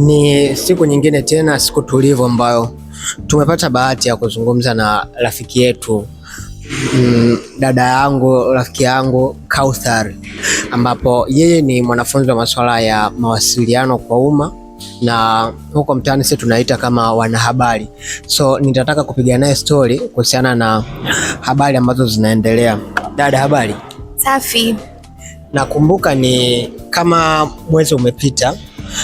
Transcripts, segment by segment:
Ni siku nyingine tena, siku tulivu ambayo tumepata bahati ya kuzungumza na rafiki yetu mm, dada yangu, rafiki yangu Kauthar, ambapo yeye ni mwanafunzi wa masuala ya mawasiliano kwa umma na huko mtaani sisi tunaita kama wanahabari. So nitataka kupiga naye stori kuhusiana na habari ambazo zinaendelea. Dada, habari? Safi. Nakumbuka ni kama mwezi umepita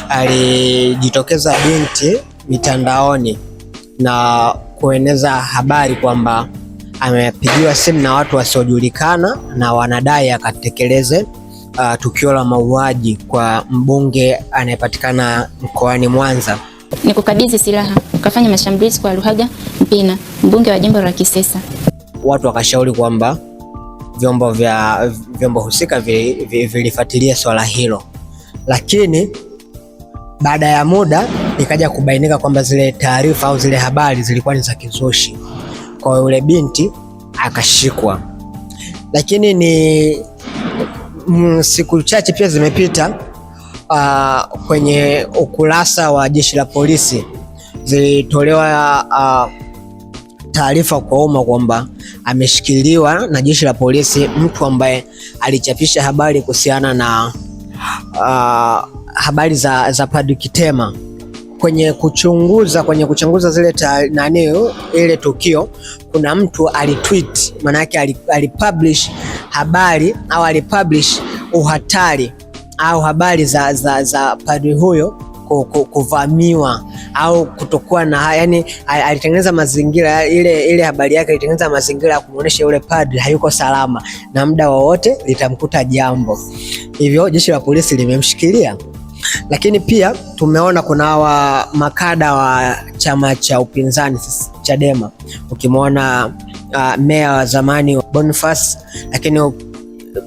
alijitokeza binti mitandaoni na kueneza habari kwamba amepigiwa simu na watu wasiojulikana na wanadai akatekeleze uh, tukio la mauaji kwa mbunge anayepatikana mkoani Mwanza. Ni kukabidhi silaha ukafanya mashambulizi kwa Luhaga Mpina, mbunge wa jimbo la Kisesa. Watu wakashauri kwamba vyombo vya vyombo husika vilifuatilia swala hilo, lakini baada ya muda ikaja kubainika kwamba zile taarifa au zile habari zilikuwa ni za kizushi, kwa yule binti akashikwa. Lakini ni mm, siku chache pia zimepita, uh, kwenye ukurasa wa jeshi la polisi zilitolewa uh, taarifa kwa umma kwamba ameshikiliwa na jeshi la polisi mtu ambaye alichapisha habari kuhusiana na uh, habari za, za Padri Kitema kwenye kuchunguza kwenye kuchunguza zile nani ile tukio, kuna mtu alitweet, maana yake alipublish habari au alipublish uhatari au habari za, za, za padri huyo kuvamiwa au kutokuwa na yani, alitengeneza mazingira ile, ile habari yake alitengeneza mazingira ya kumuonesha yule padri hayuko salama na muda wowote litamkuta jambo. Hivyo jeshi la polisi limemshikilia. Lakini pia tumeona kuna hawa makada wa chama cha upinzani Chadema, ukimwona uh, meya wa zamani wa Boniface, lakini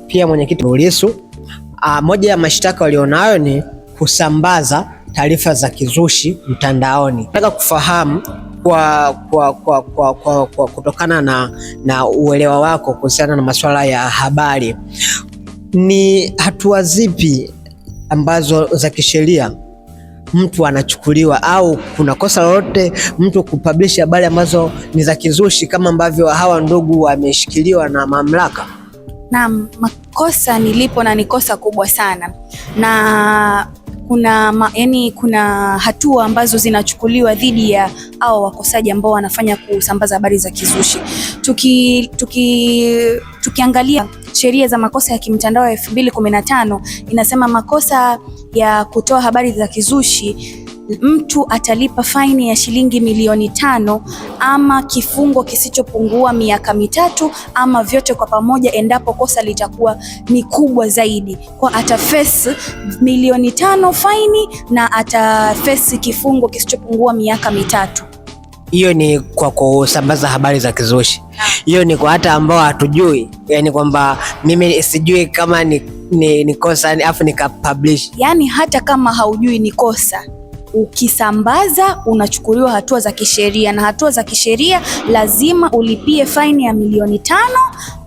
pia mwenyekiti Lissu. Uh, moja ya mashtaka walionayo ni kusambaza taarifa za kizushi mtandaoni. Nataka kufahamu kwa, kwa, kwa, kwa, kwa, kwa kutokana na, na uelewa wako kuhusiana na masuala ya habari, ni hatua zipi ambazo za kisheria mtu anachukuliwa au kuna kosa lolote mtu kupublish habari ambazo ni za kizushi kama ambavyo hawa ndugu wameshikiliwa na mamlaka? Naam, makosa nilipo na ni kosa kubwa sana na kuna ma, yani kuna hatua ambazo zinachukuliwa dhidi ya hao wakosaji ambao wanafanya kusambaza habari za kizushi. Tuki, tuki, tukiangalia sheria za makosa ya kimtandao ya 2015 inasema makosa ya kutoa habari za kizushi mtu atalipa faini ya shilingi milioni tano ama kifungo kisichopungua miaka mitatu ama vyote kwa pamoja, endapo kosa litakuwa ni kubwa zaidi, kwa atafesi milioni tano faini na atafesi kifungo kisichopungua miaka mitatu hiyo ni kwa kusambaza habari za kizushi. Hiyo ni kwa hata ambao hatujui, yani kwamba mimi sijui kama ni, ni, ni kosa afu nikapublish. Yani hata kama haujui ni kosa ukisambaza unachukuliwa hatua za kisheria, na hatua za kisheria lazima ulipie faini ya milioni tano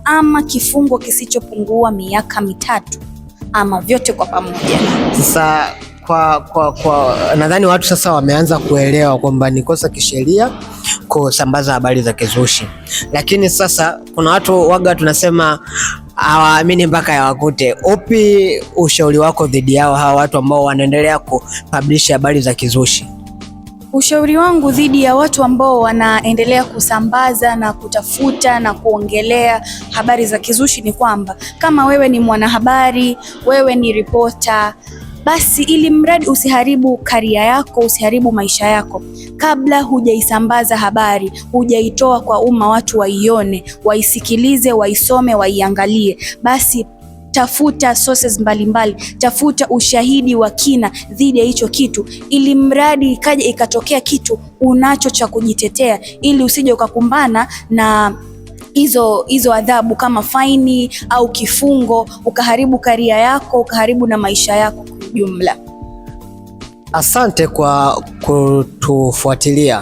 ama kifungo kisichopungua miaka mitatu ama vyote kwa pamoja. Sasa kwa, kwa, kwa nadhani watu sasa wameanza kuelewa kwamba ni kosa kisheria kusambaza habari za kizushi, lakini sasa kuna watu waga tunasema hawaamini mpaka yawakute. Upi ushauri wako dhidi yao hawa watu ambao wanaendelea kupublish habari za kizushi? Ushauri wangu dhidi ya watu ambao wanaendelea kusambaza na kutafuta na kuongelea habari za kizushi ni kwamba kama wewe ni mwanahabari, wewe ni ripota basi ili mradi usiharibu karia yako, usiharibu maisha yako, kabla hujaisambaza habari, hujaitoa kwa umma, watu waione, waisikilize, waisome, waiangalie, basi tafuta sources mbalimbali mbali, tafuta ushahidi wa kina dhidi ya hicho kitu, ili mradi ikaja ikatokea kitu unacho cha kujitetea, ili usije ukakumbana na hizo hizo adhabu kama faini au kifungo, ukaharibu karia yako, ukaharibu na maisha yako kwa ujumla. Asante kwa kutufuatilia.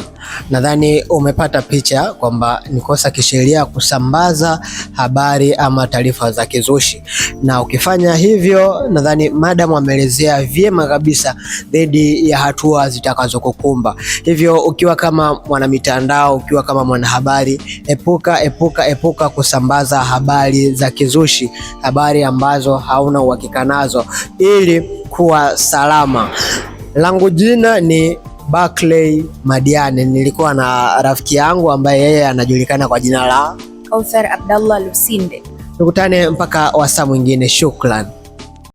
Nadhani umepata picha kwamba ni kosa kisheria kusambaza habari ama taarifa za kizushi, na ukifanya hivyo, nadhani madamu ameelezea vyema kabisa dhidi ya hatua zitakazokukumba. Hivyo ukiwa kama mwanamitandao, ukiwa kama mwanahabari, epuka epuka epuka kusambaza habari za kizushi, habari ambazo hauna uhakika nazo, ili kuwa salama langu jina ni Barclay Madiane. Nilikuwa na rafiki yangu ambaye yeye anajulikana kwa jina la Kauthar Abdallah Lusinde. Tukutane mpaka wasaa mwingine, shukran.